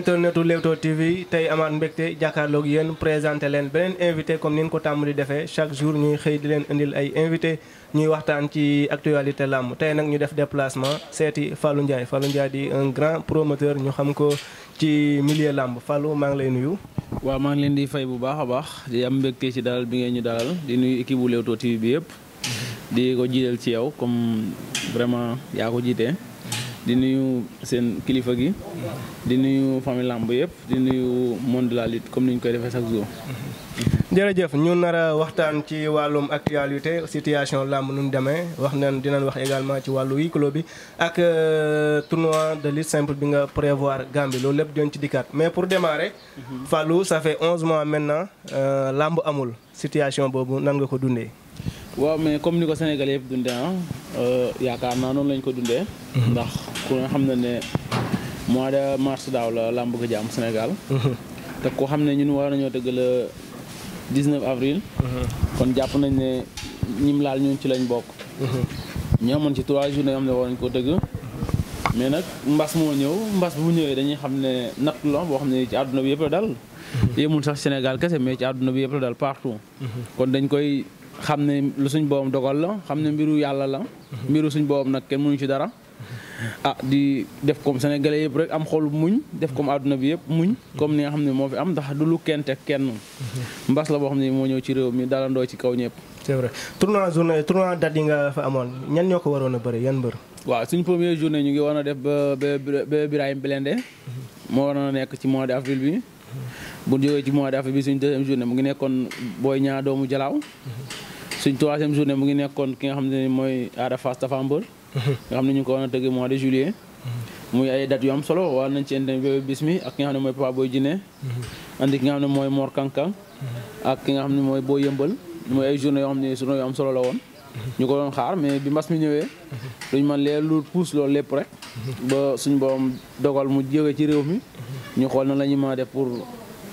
internetu Leewtoo TV tey amaat mbégte jàkkaarloog yenn présenté leen beneen invité comme ni ñu ko tàmm di defee chaque jour ñuy xëy di leen indil ay invité ñuy waxtaan ci actualité làmb tey nag ñu def déplacement seeti fallu Ndiaye fallu Ndiaye di un grand promoteur ñu xam ko ci millier làmb Fallou maa ngi lay nuyu. waaw maa ngi leen di fay bu baax a baax di am mbégte ci dalal bi ngeen ñu dalal di nuyu équipe bu Leewtoo TV bi yëpp. di ko jiital ci yow comme vraiment yaa ko di nuyu seen kilifa gi di nuyu famille làmb yëpp di nuyu monde de la lutte comme ni ñu koy defee chaque jour. jërëjëf ñu nara waxtaan ci wàllum actualité situation làmb nu demee wax nañ dinañ wax également ci wàllu huis clos bi ak euh, tournoi de lutte simple bi nga prévoir Gambie loolu lépp doon ci dikkaat mais pour démarrer. Mhm. Fallou ça fait 11 mois maintenant euh, làmb amul situation boobu nan nga ko dundee. waaw mais comme ni ko Sénégalais yëpp dundee ah euh, yaakaar naa noonu lañ ko dundee. Mhm. ndax ku nga xam ne ne mois de mars daaw la làmb bëgg jàmm Sénégal. Mhm. te ko xam ne ñun war nañoo dëgg la 19 avril. Mhm. kon jàpp nañ ne ñim laal ñun ci lañ bokk. ñu amoon ci trois journées am ne war nañ ko dëgg. mais nag mbas moo ñëw mbas bu ñëwee dañuy xam ne natt la boo xam ne ci àdduna bi yëpp dal. yemul sax Sénégal kese mais ci àdduna bi yëpp dal partout. kon dañ koy. xam ne lu suñ boobam dogal la xam ne mbiru yàlla la mbiru suñ boobam nag kenn mënu ci dara ah di def comme sénégalais yëpp rek am xol muñ def comme àdduna bi yëpp muñ comme ni nga xam ne moo fi am ndax du lu kente kenn mbas la boo xam ne moo ñëw ci réew mi dalandoo ci kaw ñëpp c'est vrai tournoi journée tournoi date yi nga fa amoon ñan ñoo ko waroon a bëri yan mbër waaw suñ première journée ñu ngi war a def ba ba Birahim Blende moo war a nekk ci mois d'avril bi bu ñu jógee ci mois d'affaire bi suñ deuxième journée mu ngi nekkoon booy Niang doomu Jalaaw. suñ troisième journée mu ngi nekkoon ki nga xam ne mooy Ada Fass Tapha Mbeur. nga xam ne ñu ko war a tëgg mois de juillet. muy ay dates yu am solo war nañ ci indi bébé mi ak ki nga xam ne mooy Papa Boy Djiné. andi ki nga xam ne mooy Mor Kankang. ak ki nga xam ne mooy boo Yëmbal. muy ay journée yoo xam ne journée yu am solo la woon. ñu ko doon xaar mais bi mbas mi ñëwee luñ man lee lu puus loolu lépp rek ba suñ borom dogal mu jóge ci réew mi ñu xool na la ñu mën a def pour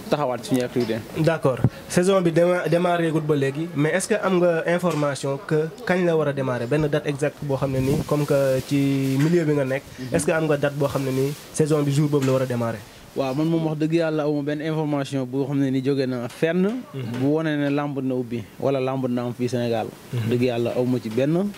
taxawaat suñu activité d'accord saison bi démarré gut ba léegi mais est-ce que am nga information que kañ la war a démarrer benn date exacte boo xam ne ni comme que ci milieu bi nga nekk est-ce que am nga date boo xam ne ni saison bi jour boobu la war a démarrer waaw man moom wax dëgg yàlla awma benn information boo xam ne ni jóge na fenn. Mhm. bu wane ne làmb na ubbi wala làmb na am fii Sénégal. Mhm. dëgg yàlla awma ci benn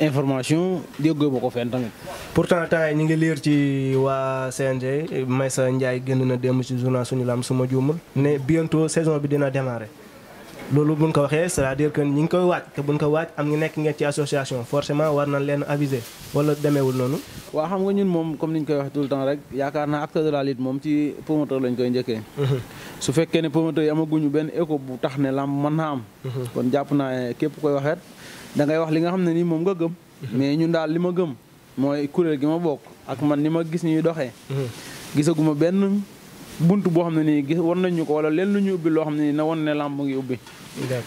information déggoo ma ko fenn tamit. pourtant temps ñi ngi liir ci waa CNG sa Ndiaye génn na dem ci journal suñu làmb suma juumul ne bientôt saison bi dina démarrer. loolu buñ ko waxee c'est-à-dire que ñi ngi koy waaj te buñ ko waaj am ngi nekk ngeen ci association forcément war nañ leen aviser wala demeewul noonu waaw xam nga ñun moom comme ni ñu koy wax tout le temps rek yaakaar naa acteur de la lutte moom ci promoteur lañ koy njëkkee mhm. su fekkee ne promoteur yi amaguñu benn écho bu tax ne lamb man naa am mhm. kon jàpp naa képp koy waxeet da ngay wax li nga xam ne nii moom nga gëm mhm. mais ñun daal li ma gëm mooy kuréel gi ma bokk ak man ni ma gis ñuy doxee gisaguma benn bunt boo xam ne nii gis war nañu ko wala leen lu ñu ubbi loo xam ne nii na woon ne làmb ngi ubbi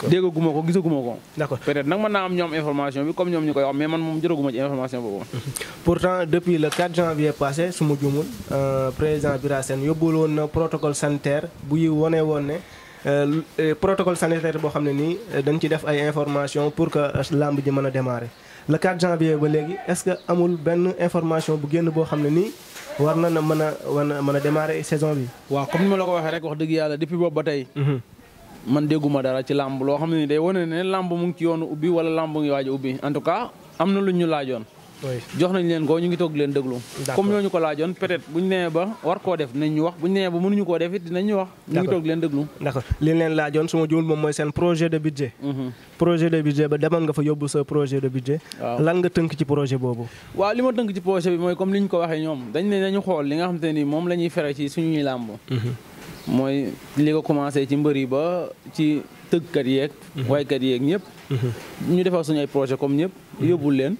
déggaguma ko gisaguma ko d'accord peut-être nag mën naa am ñoom information bi comme ñoom ñu koy wax mais man moom jotaguma ci information boobu pourtant depuis le 4 janvier passé su ma jumul euh, président Bira Sène yóbbul woon na protocole sanitaire bu yi wone woon ne euh, protocole sanitaire boo xam ne nii euh, dañ ci def ay information pour que làmb ji mën a démarrer le 4 janvier ba léegi est-ce que amul benn information bu génn boo xam ne nii war na na mën a war na mën a démarrer saison bi. waaw comme ni ma la ko waxee rek wax dëgg yàlla depuis boobu ba tey. Mhm. man dégguma dara ci làmb loo xam ne day wane ne làmb mu ngi ci yoonu ubbi wala làmb ngi waaj ubbi en tout cas am na lu ñu laajoon. jox nañ leen ko ñu ngi toog leen déglu comme ñooñu ko laajoon peut-être bu ñu nee ba war koo def dinañ ñu wax bu ñu nee ba mënuñu koo def it dinañ wax ñu ngi toog leen déglu d'accord li leen laajoon su ma juumul moom mooy seen projet de budget mhm. projet de budget ba demoon nga fa yóbbu sa projet de budget lan nga tënk ci projet boobu waaw li ma tënk ci projet bi mooy comme li ñu ko waxee ñoom dañ ne nañu xool li nga xam te ni moom la ñuy fere ci suñuy làmb mhm. mooy li ko commencé ci mbër yi ba ci tëggkat yeeg mhm. waykat yeeg ñëpp ñu defar suñu ay projet comme ñëpp yóbbul leen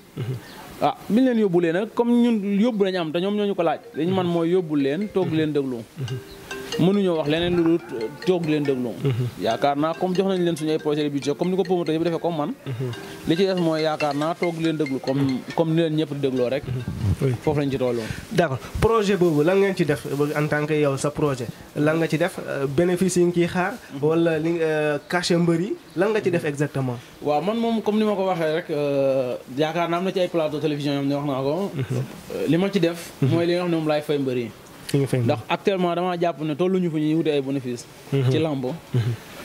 ah bi leen yóbbu leen nag comme ñun yóbbu lañu am te ñoom ñoo ko laaj. li man mooy yóbbu leen toog leen déglu. Mm-hmm. mënuñoo wax leneen lu dul toog leen déglu. yaakaar naa comme jox nañ leen suñu ay projet de budget comme ni ko promoteur yi defee comme man. li ci des mooy leen déglu ni ñëpp di dégloo rek. foofu lañ ci tolloon. d'accord projet boobu lan ngeen ci def en tant que yow sa projet lan nga ci def euh, bénéfice yi nga ciy xaar. wala li euh, cachet mbër yi lan nga ci def exactement. waaw man moom comme ni ma ko waxee rek euh, yaakaar naa am na ci ay plateau télévision yoo xam ne wax mhm. ma ci def. Mhm. mooy li nga xam ne laay fay mbër ndax actuellement damaa jàpp ne tolluñu fu ñuy wute ay bénéfice mhm. ci lamb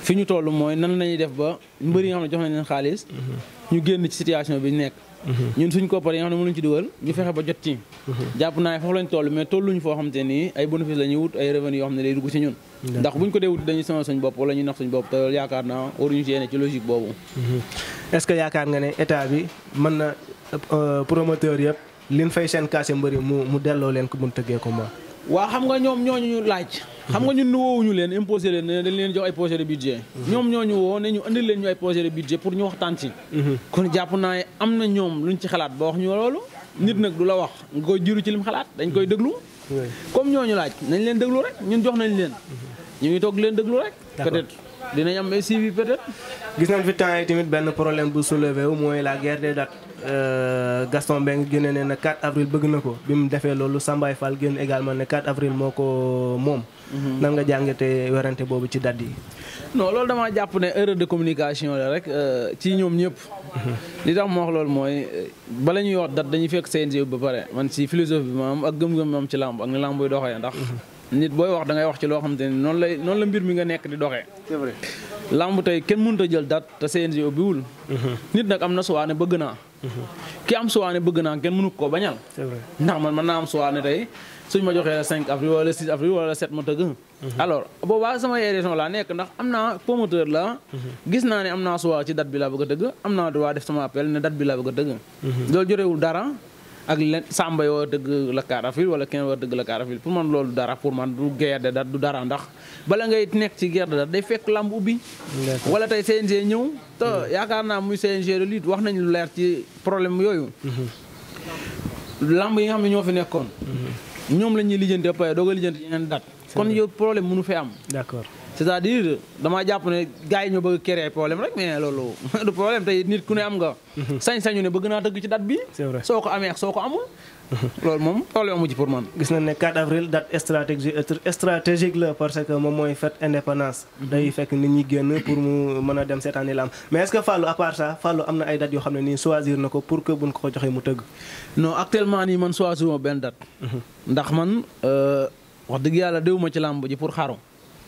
fi ñu toll mooy nan lañuy def ba mbër yi nga xam ne jox nañ leen xaalis mhm. ñu génn ci situation bi ñu nekk mhm. ñun suñ koppar yi nga xam ne mënuñ ci dugal ñu fexe ba jot ci jàpp naa ne foofu lañ toll mais tolluñ foo xam ne day dugg ci ñun ndax buñ ko dee nax suñ bopp te yaakaar naa waruñu ci yéene ci logique boobu est yaakaar nga ne état bi mën na euh, promoteur yëpp liñ fay seen kaase mbëri mu delloo leen ko mun tëggee ko ma waa xam nga ñoom ñoo ñu laaj. xam nga ñun woowuñu leen imposé leen ne dañ leen jox ay projet de budget. ñoom ñooñu woo ne ñu indi leen ñu ay projet de budget pour ñu waxtaan ci. Mhm. kon jàpp naa am na ñoom ñu ci xalaat ba wax ñu loolu. nit nag du la wax nga koy jiru ci lim xalaat dañ koy déglu. comme ñoo ñu laaj nañ leen déglu rek ñun jox nañ leen. Mhm. ñu ngi toog leen déglu rek. peut-être dinañ am suivi peut gis nañ fi temps yi tamit benn problème bu soulevé wu mooy la guerre des dates euh, Gaston Mbengue génne ne na 4 avril bëgg na ko bi mu defee loolu Sambaay fal génn également ne 4 avril moo ko moom. Mhm. nan nga jàngatee werante boobu ci date yi. non loolu damaa jàpp ne erreur de communication la rek euh, ci ñoom ñëpp. Mhm. li tax ma wax loolu mooy bala ñuy wax date dañuy fekk CNG ba pare man ci philosophie bi ma am ak gëm-gëm ma ci làmb ak ni làmb buy doxee ndax. Mhm. nit booy wax da ngay wax ci loo xamante ni noonu lay noonu la mbir mi nga nekk di doxee. c'est tey kenn mënut jël date te CNG ubbiwul. Mhm. nit nag am na suwaane bëgg naa. Mhm. ki am suwaane bëgg naa kenn mënu koo bañal. ndax man mën naa am suwaane tey suñ ma joxee la 5 avril wala 6 avril wala 7 ma tëgg. Mhm. alors boobaa sama élection laa nekk ndax am naa promoteur la gis naa ne am naa suwaa ci date bi laa ba a tëgg am naa droit def sama appel ne date bi laa bëgg a tëgg. loolu jotewul dara. ak len Samba yoo dëgg la Carafil wala kenn war dëgg la Carafil pour man loolu dara pour man du guerre de du dara ndax bala ngay nekk ci guerre de date day fekk lamb ubbi. wala tey CNG ñëw. te mm-hmm. yaakaar naa muy CNG de lutte wax nañ lu leer ci problème yooyu. Mm-hmm. lamb yi nga xam ne ñoo fi nekkoon. Mm-hmm. ñoom lañuy ñuy lijjanti ba pare doog a lijjanti yeneen date. kon yow problème mënu fee am. c'est-à-dire damaa jàpp ne gars ñoo bëgg créer problème rek mais loolu du tey nit ku ne am nga. sañ-sañu ne bëgg naa tëgg ci date bi. soo ko amee ak soo ko amul. loolu moom problème amu ci pour man. gis nañ ne 4 avril date stratégique la parce que moom mooy fête indépendance. day fekk nit ñi génn pour mu mën a dem seetaan yi la am mais est-ce que Fallou à part ça Fallou am na ay dates yoo xam ne nii choisir na ko pour que buñ ko ko joxee mu tëgg. non actuellement nii man choisir ma benn date. Mhm. ndax man euh, wax ci làmb pour xaaru.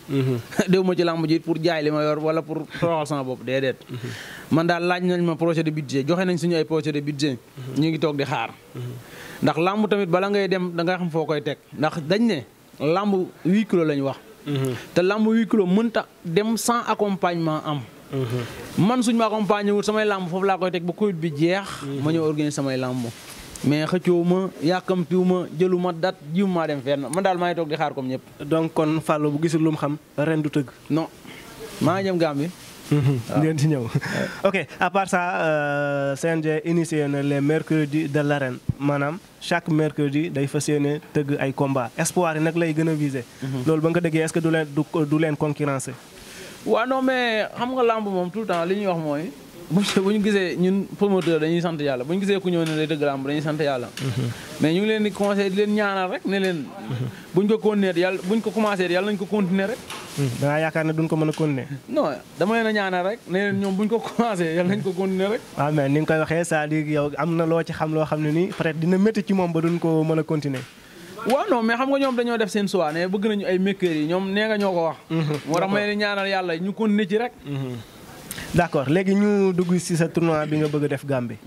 Mm-hmm. déw ma ci làmb ji pour jaay li ma yor wala pour tooxal sama bopp déedéet mm-hmm. man daal laaj nañ ma projet de budget joxe nañ suñu ay projet de budget mm-hmm. ñu ngi toog di xaar ndax làmb tamit bala ngay dem da nga xam foo koy teg ndax dañ ne làmb huis clos lañ wax te làmb huis clos mënta dem sans accompagnement am man suñ ma accompagné wut samay làmb foofu laa koy teg ba Covid bi jeex ma ñëw organiser samay làmb mais xëccoo ma yàkkamtiwu ma jëlu ma dat jiw maa dem fenn ma daal maa ngi toog di xaar comme ñëpp. donc kon Fallou bu gisul lu mu xam ren du tëgg. non maa ngi jëm Gambie. ngeen ci ñëw ok à part ça euh, CNG initié na les mercredis la ren maanaam chaque mercredi day fas yéene tëgg ay combat espoir yi nag lay gën a viser. Mhm. loolu ba nga dëggee est-ce que du leen du leen concurrencer. waaw non mais xam nga lamb moom tout le temps li ñuy wax mooy. bu ñu gisee ñun promoteur dañuy sant yàlla bu ñu gisee ku ñëw ne day dëgg làmb dañuy sant yàlla mm-hmm. mais ñu leen di conseillé di leen ñaanal rek ne leen mm-hmm. buñ ko continuer ko commencé yàlla nañ ko continuer rek mm-hmm. dangaa yaakaar a continuer non dama leen ah, ni koy waxee cest à am na loo ci xam loo xam ne nii peut dina métti ci moom ba duñ ko mën a continuer waaw non mais xam nga ñoom dañoo def seen choix ne bëgg nañu ay makers yi ñoom nee nga ñoo ko wax moo tax leen ñaanal yàlla ñu continuer ci rek d' accord léegi ñu dugg ci sa tournoi bi nga bëgg a def Gambie.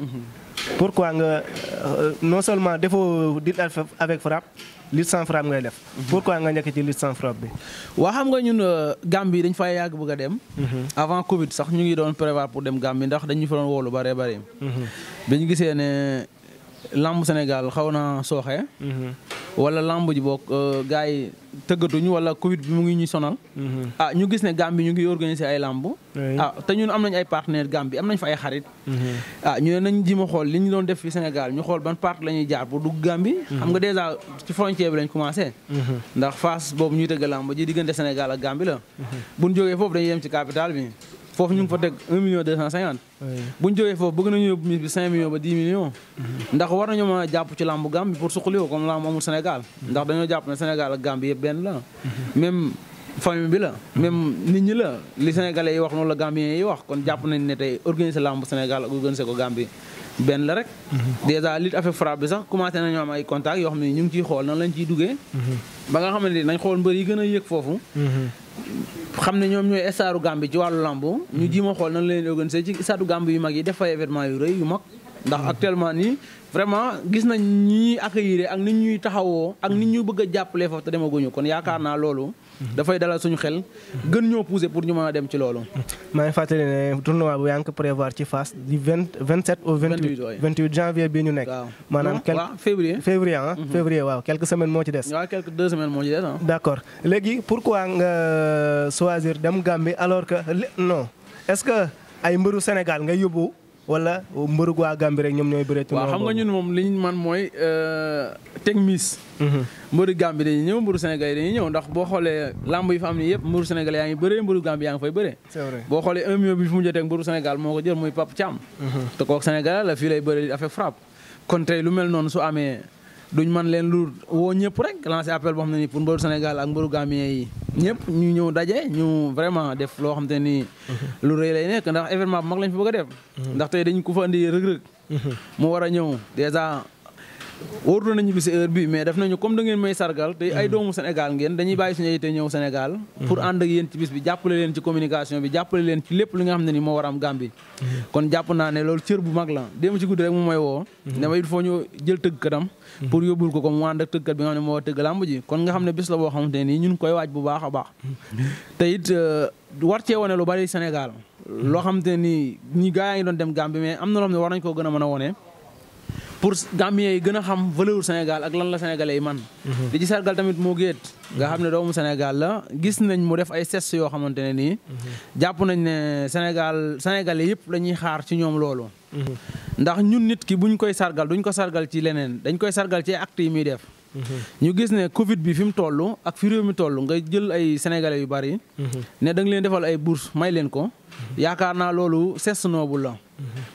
pourquoi nga euh, non seulement defoo dit avec frappe lutte sans frappe ngay def. pourquoi nga nekk ci lutte sans bi. waa xam nga ñun euh, Gambie dañ fay yàgg bëgg a dem. Mhm. avant Covid sax ñu ngi doon prévoir pour dem Gambie ndax dañu fa doon wóolu bare bare. Mhm. bi ñu gisee ne lamb Sénégal xaw na sooxe. wala lamb ji boo euh, gars yi tëggatuñu wala Covid bi mu ngi ñuy sonal. Mhm. a ah, ñu gis ne Gambie ñu ngi organiser ay lamb. a ah, te ñun am nañ ay partenaire Gambie am nañ fa ay xarit. Mhm. a ah, ñu ne nañ ji xool li ñu doon def fi Sénégal ñu xool ban part la ñuy jaar pour dugg Gambie. Mhm. xam nga dèjà ci frontière bi lañ commencé. ndax phase boobu ñuy tëgg lamb ji diggante Sénégal ak Gambie la. bu jógee foofu dañuy dem ci capitale bi. foofu ñu ngi fa teg 1 million 250. bu ñu jógee foofu bëgg nañu yóbbu mise bi 5 ba 10 millions. ndax war nañu mën a jàpp ci làmbu Gambie pour suqali ko comme làmb amul Sénégal. ndax dañoo jàpp ne Sénégal ak Gambie yëpp benn la. même famille bi la. même nit ñi la li sénégalais yi wax noonu la Gambiens yi wax kon jàpp nañ ne tey organiser làmb Sénégal ak organiser ko Gambie. benn la rek. dèjà lit affaire frappe bi sax commencé nañu am ay contacts yoo xam ne ñu ngi ciy xool nan lañ ciy duggee. Mhm. ba nga xamante ni nañ xool mbër yi gën a yëg foofu. Mhm. xam ne ñoom ñooy estaaru Gambie ci wàllu làmb ñu mhm. ji ma xool nan la leen organisé ci estaaru Gambie yu mag yi def fa événement yu rëy yu mag ndax mhm. actuellement nii vraiment gis nañ ñi accueillir ak nit ñuy taxawoo ak nit ñu bëgg a jàppalee foofu te demaguñu kon yaakaar naa loolu dafay dalal suñu xel gën ñoo pousser pour ñu mën a dem ci loolu. maa ngi fàttali ne tournoi bu yaa ngi ko prévoir ci Fass du vingt vingt sept au vingt huit vingt janvier bii ñu nekk. maanaam février mhm. février waaw quelques semaines moo ci des. waaw quelques deux semaines moo ci des ah. d' accord léegi pourquoi nga euh, choisir dem Gambie alors que non est ce que ay mbëru Sénégal nga yóbbu. wala mbërug waa Gambie rek ñoom ñooy bëre. waaw xam nga ñun moom liñ man mooy euh, teg miis. Mhm. mbëru Gambie dañuy ñëw ndax boo xoolee lamb yi fa am ni yëpp mbëru Sénégal yaa ngi bëree mbëru Gambie yaa ngi fay bëree. c'est boo xoolee un bi fu mu jotee ak mbëru Sénégal moo ko jël muy Pape Thiam. Mhm. te kooku Sénégal la fii lay bëree affaire frappe kon tey lu mel noonu su amee duñ man leen lu woo ñëpp rek lancé appel boo xam ne nii pour mbaru Sénégal ak mbaru Gambien yi ñëpp ñu ñëw daje ñu vraiment def loo xam te nii lu rëy lay nekk ndax événement bu mag lañ fi bëgg a def mhm. ndax tey dañ ko mhm. mu war a ñëw wóorutoon nañu bi si heure mais def nañu comme da ngeen may sargal te ay doomu Sénégal ngeen dañuy bàyyi suñu yite ñëw Sénégal pour ànd ak ci bis bi jàppale leen ci communication bi jàppale leen ci lépp li nga xam ne ni moo war am kon jàpp naa ne loolu cër bu mag la démb ci guddi rek mu may woo ne ma il faut ñu jël tëggkatam pour yóbbul ko ko mu ànd ak tëggkat bi nga xam ne moo war tëgg làmb ji kon nga xam ne bis la boo xamante ne nii ñun koy waaj bu baax a baax te it euh, war cee wone doon dem Gambie mais am na loo xam ne war nañ koo gën a a wone pour Gambien yi gën a xam valeur Sénégal ak lan la Sénégalais yi man mhm. di ci sargal tamit moo géet nga xam ne mhm. doomu Sénégal la gis nañ mu def ay sess yoo xamante ne nii mhm. jàpp nañ ne Sénégal Sénégalais yëpp la ñuy xaar ci ñoom loolu ndax ñun nit ki buñ koy sargal duñ ko sargal ci leneen dañ koy sargal ci acte yi muy def ñu gis ne Covid bi fi mu toll ak fi réew mi toll nga jël ay sénégalais yu bari. ne da nga leen defal ay bourse may leen ko. yaakaar naa loolu c'est noble la.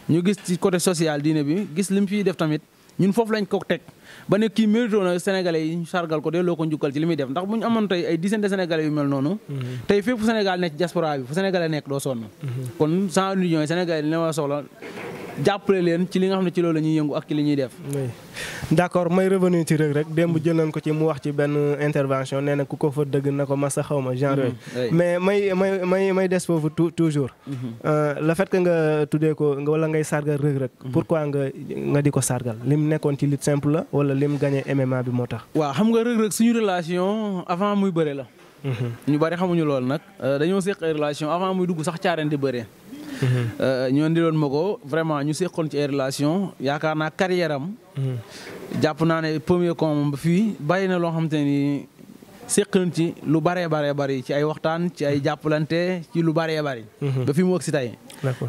ñu gis ci côté social diine bi gis li mu fiy def tamit ñun foofu lañ ko teg. ba ne kii mérito na sénégalais yi ñu sargal ko delloo ko njukkal ci li muy def ndax bu ñu amoon ay dizaine de sénégalais yu mel noonu mhm. tey fépp fu sénégal nekk ci diaspora bi fu doo sonn mhm. kon cent millions yi sénégalais li ne war soxla jàppale leen ci li nga xam ne ci loolu la ñuy yëngu ak ci li ñuy def d'accord may revenu ci Reug Reug démb jël nañ ko ci mu wax ci benn intervention nee na ku ko fa dëgg na ko masa xaw ma genre mhm, mais may may may may des foofu toujours euh, la fait que nga tuddee ko wala ngay sargal Reug Reug pourquoi nga nga di ko sargal lim nekkoon ci lutte simple la wala lim gagné MMA bi moo tax. waaw xam nga rëg-rëg suñu relation avant muy bëre la. Mhm. ñu bari xamuñu loolu nag euh, dañoo seq ay relation avant muy dugg sax caareen di bëree. Mhm. Euh, ñoo di loon ma ko vraiment ñu seqoon ci ay relation yaakaar naa carrière mhm. jàpp naa ne premier combat ba fii bàyyi na loo xamante ni séq nañ ci lu baree baree bari ci ay waxtaan ci ay jàppalante mhm. ba fi mu ëgg si tey.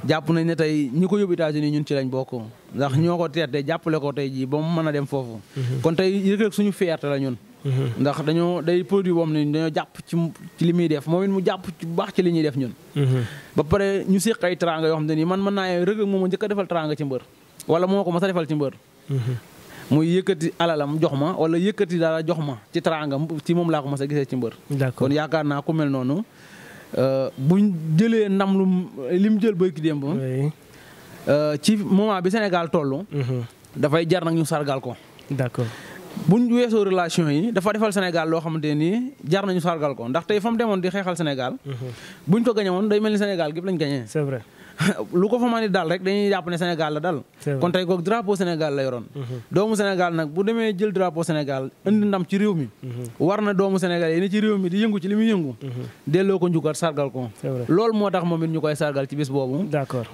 jàpp nañ ne tey ñi ko yóbbu États-Unis ñun ci lañ bokk. ndax ñoo ko teete jàppale ko tey jii ba mu mën a dem foofu. Mhm. kon tey Reug Reug suñu fierté la ñun. Mhm. ndax dañoo day produit boobu ne dañoo jàpp ci ci li muy def moom it mu jàpp ci bu baax ci li ñuy def ñun. ba pare ñu séq ay teraanga yoo xam ne nii man mën naa Reug Reug moom njëkk a defal teraanga ci mbër. wala moo ko mës a defal ci mbër. muy yëkkati alalam jox ma wala yëkkati dara jox ma ci teraangam ci moom laa ko ma sa gisee ci mbër. kon yaakaar naa ku mel noonu euh, buñ jëlee ndam lu li mu jël béykat yi euh, ci moment bi Sénégal toll. Mhm. dafay jar nag ñu sargal ko. d'accord buñ weesoo relation yi dafa defal Sénégal loo xamante nii jar nañu sargal ko ndax tey fa mu demoon di xeexal Sénégal. Mhm. buñ ko gañe woon day mel ni Sénégal gépp lañ gañee. lu ko fa mën di dal rek dañuy jàpp ne Sénégal la dal kon tey kooku drapeau Sénégal la yoroon mhm. doomu Sénégal nag bu demee jël drapeau Sénégal indi ndam ci réew mi mhm. war na doomu Sénégal yi ni ci réew mi di yëngu ci li muy yëngu mhm. delloo ko njukkal sargal ko loolu moo tax moom it ñu koy sargal ci bis boobu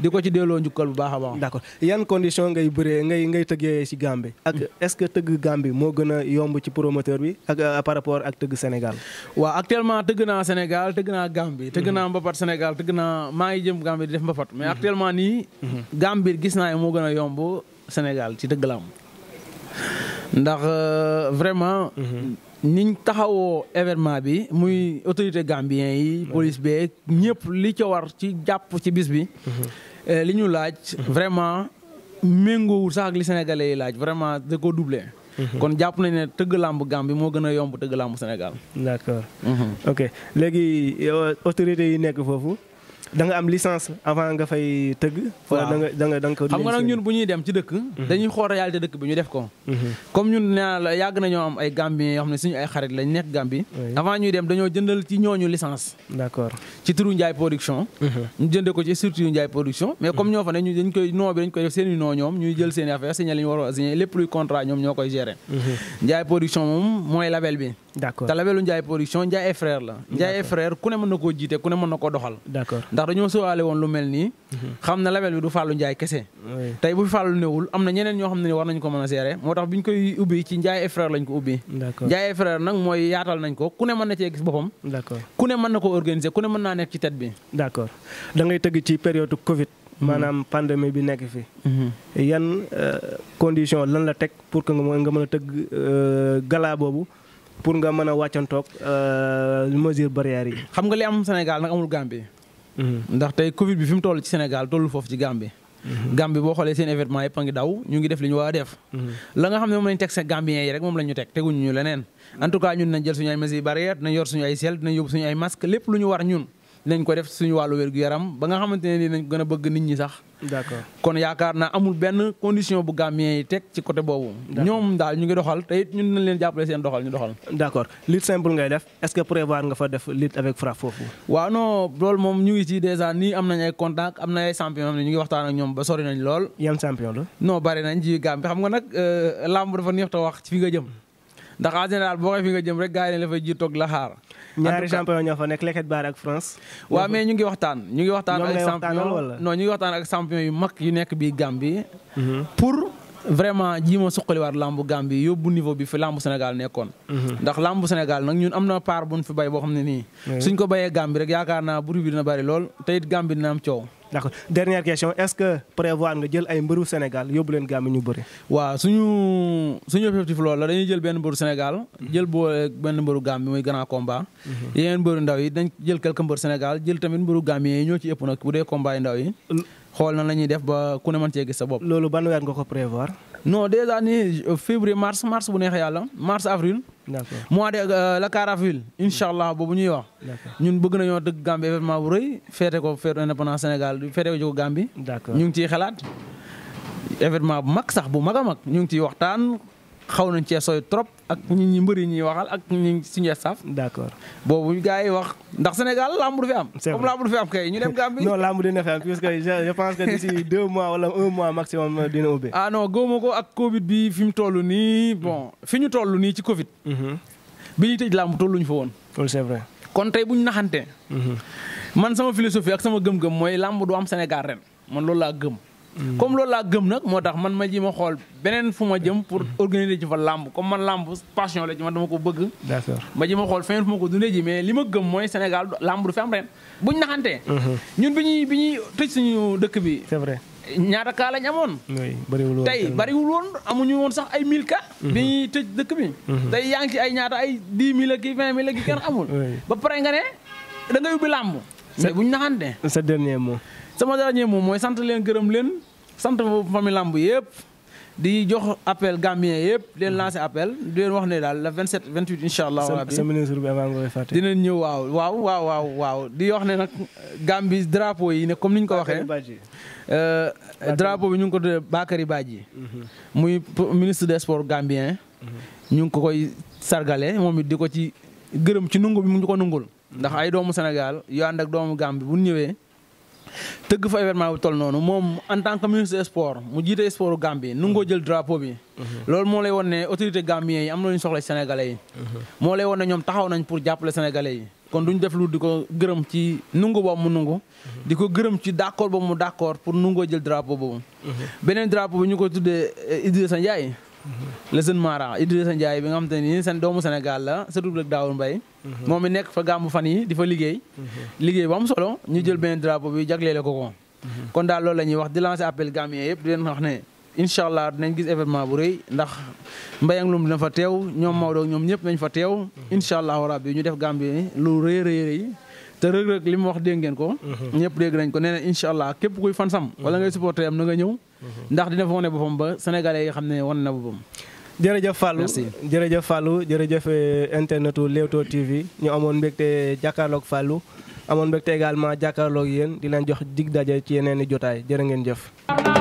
di ko ci delloo njukkal bu baax a baax yan condition ngay bëree ngay tëggee ci Gambie ak mm. est-ce que tëgg moo gën a yomb ci promoteur bi euh, par rapport mais actuellement nii. Gambie gis naa ne moo gën a yomb Sénégal ci dëgg la am ndax euh, vraiment. niñ taxawoo événement bi muy autorité gambien yi. police beeg ñëpp li ca war ci jàpp ci bis bi. Euh, li ñu laaj. vraiment méngoowul sax ak li sénégalais laaj vraiment da ko doublé. kon jàpp nañ ne tëgg làmb Gambie moo gën a yomb tëgg làmb Sénégal. Mhm. léegi euh, autorité yi nekk foofu. da nga am licence avant nga fay tëgg. da nga da nga da nga ko. xam nga nag ñun bu ñuy dem ci dëkk. Mhm. dañuy xool réalité dëkk bi ñu def ko. Mhm. comme ñun nee la yàgg nañoo am ay Gambien xam ne suñu ay xarit lañ nekk Gambie. avant ñuy dem dañoo jëndal ci ñooñu licence. ci turu Ndiaye production. Mhm. ñu jëndee ko ci surtout Ndiaye production. mais comme ñoo fa ne dañ koy noo bi dañ koy def noo ñoom ñuy jël seen i affaire signé li ñu war a signé lépp luy contrat ñoom ñoo koy gérer. Ndiaye production ndax dañoo sóowaale woon lu mel nii. xam na label bi du Fallou Ndiaye kese. tey bu Fallou newul am na ñeneen ñoo xam ne ni war nañ ko mën a seere moo tax koy ubbi ci Ndiaye et frère ko ubbi. d'accord Ndiaye et frère mooy yaatal nañ ko ku ne mën na cee gis boppam. d'accord ku ne mën na ko ku ne mën naa nekk ci tête da ngay tëgg ci période Covid. Hmm. maanaam pandémie bi nekk fi. Hmm. yan euh, condition lan la teg pour que nga mën a tëgg euh, galaa boobu. pour nga mën a wàccantoog euh, mesure barrière yi. xam nga li am Sénégal nag amul Gambie. Mm-hmm. ndax tey Covid bi fi mu toll ci Sénégal tollu foofu ci Gambie. Mm-hmm. Gambie boo xoolee seen événement yëpp a ngi daw ñu ngi def li ñu war a def. Mm-hmm. la nga xam ne moom lañ teg seen Gambiens yi rek moom la ñu teg tegu ñu leneen en tout cas ñun nañ jël suñu ay mesures barrières dinañ yor suñu ay sel lépp lu ñu war ñun nañ ko def suñu wàllu wér-gu-yaram ba nga xamante ne ni nañ gën a bëgg nit ñi sax. d'accord kon yaakaar naa amul benn condition bu Gambien yi teg ci côté boobu. ñoom daal ñu ngi doxal te it ñun dinañ leen jàppale seen doxal ñu doxal. d'accord lutte simple ngay def est-ce que prévoir nga fa def lutte foofu. waaw non loolu moom ñu ngi ci déjà nii am nañ ay contacts am na ay champion am ñu ngi waxtaan ak ñoom ba sori nañ lool. yan champion la. non bari nañ ci Gambie xam nga nag euh, làmb dafa neex te wax ci fi nga jëm ndax en général boo xoolee fi nga jëm rek gars yi ne la fay ñaari champion ñoo fa nekk Leket Baar ak France. waaw mais ñu ngi waxtaan ñu ngi waxtaan. ak champion non ñu ngi waxtaan ak champion yu mag yu nekk bii Gambie mhm. pour. vraiment jii ma suqaliwaat lambu Gambie yóbbu niveau bi fi lambu Sénégal nekkoon. Mhm. ndax lambu Sénégal nag ñun am na part bu ñu fi bay boo xam ne nii. suñ ko bayee Gambie rek yaakaar naa bruit bi dina bari lool te it Gambie dina am coow. d'accord dernière question est-ce que prévoir nga jël ay mbëru Sénégal yóbbu leen Gambie ñu bëri. waaw suñu suñu objectif loolu la dañuy jël benn mbëru Sénégal. jël boole benn mbëru Gambie muy grand combat. Mhm. yeneen mbëru ndaw yi dañ jël quelques mbëru Sénégal jël tamit mbëru ñoo ci ëpp nag bu dee xool na la ñuy def ba ku ne mën cee gis sa bopp. loolu ban weer nga ko prévoir. non déjà ni février mars mars bu neexee yàlla mars avril. mois de euh, la car avril. incha allah boobu ñuy wax. ñun bëgg nañoo dëgg Gambie événement bu rëy feete ko feete indépendance Sénégal feete ko jóg Gambie. d'accord ñu ngi ciy xalaat événement bu mag sax bu mag a mag ñu ngi ciy waxtaan. xaw nañ cee sooy trop ak ñi ñi mbëri ñuy waxal ak ñi suñu staff. d'accord boobu gars yi wax ndax Sénégal lamb du fi am. c'est vrai comme lamb du fi am ñu dem Gambie. non lamb dina fi am mois wala un mois maximum euh, dina ubbi. ah non góoma ko ak Covid bi fi mu toll nii bon fi ñu toll nii ci Covid. Mhm. bi ñuy tëj lamb tolluñu fa woon. kon tey bu ñu naxantee. Mhm. man sama philosophie ak sama gëm-gëm mooy lamb du am Sénégal ren man loolu laa gëm. comme loolu laa gëm nag moo tax man ma ji ma xool beneen fu ma jëm pour organiser ci fa làmb comme man làmb passion la ci man dama ko bëgg d'accord ma xool feneen fu ma ko dundee ji mais li ma gëm mooy Sénégal làmb du fi am ren buñ naxantee mhm. ñun bi ñuy bi ñuy tëj suñu dëkk bi c'est vrai ñaata kaa lañ amoon tey bariwul amuñu woon sax ay mille cas mhm. bi tëj dëkk bi mhm. tey yaa ngi ay ñaata ay dix mille ak vingt mille ak kenn ba pare nga da ngay ubbi làmb mais buñ naxantee sa dernier mot sama dernier moom mooy sant leen gërëm leen sant famille làmb yëpp di jox appel Gambien yëpp leen lancé appel di wax ne daal la 27 28 incha allah. rabi sa waaw waaw waaw waaw di wax ne nag Gambie drapeau yi ne comme ni ñu ko waxee. Euh, drapeau bi ñu ngi ko tuddee Bakary Badji. Mhm. muy ministre des sports Gambien. Mhm. ñu ngi ko koy sargale moom it di ko ci gërëm ci nungu bi mu ñu ko nungul. ndax mhm. ay doomu Sénégal yu ànd ak doomu Gambie bu ñëwee. tëgg fa événement bu toll noonu moom en tant que ministre des mu jiite sportu Gambie nu ngoo jël drapeau bi. loolu moo lay won ne autorité gambien yi am na lu ñu soxla Sénégalais yi. moo lay won ne ñoom taxaw nañ pour jàppale Sénégalais yi. kon duñ def lu di ko gërëm ci nungu ba mu nungu. di ko gërëm ci d' accord boobu mu d' accord pour nungoo jël drapeau boobu. Mhm. beneen drapeau bi ñu ko tuddee Idrissa Ndiaye. le jeune Mara Idrissa Ndiaye bi nga xam te ni seen doomu Sénégal la surtout ak Daawur Mbaye mhm. moom it nekk fa gàmmu fan yi di fa liggéey mhm. liggéey bu am solo ñu jël benn drapeau bi jagleele ko ko mhm. kon daal loolu la ñuy wax di lancer appel Gambien yëpp di leen wax ne incha allah dinañ gis événement bu rëy ndax Mbayang Loum dina fa teew ñoom Maodo ñoom ñëpp nañ fa teew incha allahu ñu def Gambie lu rëy rëy rëy te rëg-rëg li mu wax dégg ngeen ko mhm. ñëpp dégg nañ ko nee na incha allah képp kuy fan sam wala ngay mhm. supporter am na nga ñëw mhm. ndax dina fa wane boppam ba sénégalais yi xam ne wane na boppam jërëjëf Fallou jërëjëf Fallou jërëjëf euh, internetu Leewtoo TV ñu amoon mbégte jàkkaarloog Fallou amoon mbégte également jàkkaarloog yéen dinañ jox digg daje ci yeneen i jotaay jërë ngeen jëf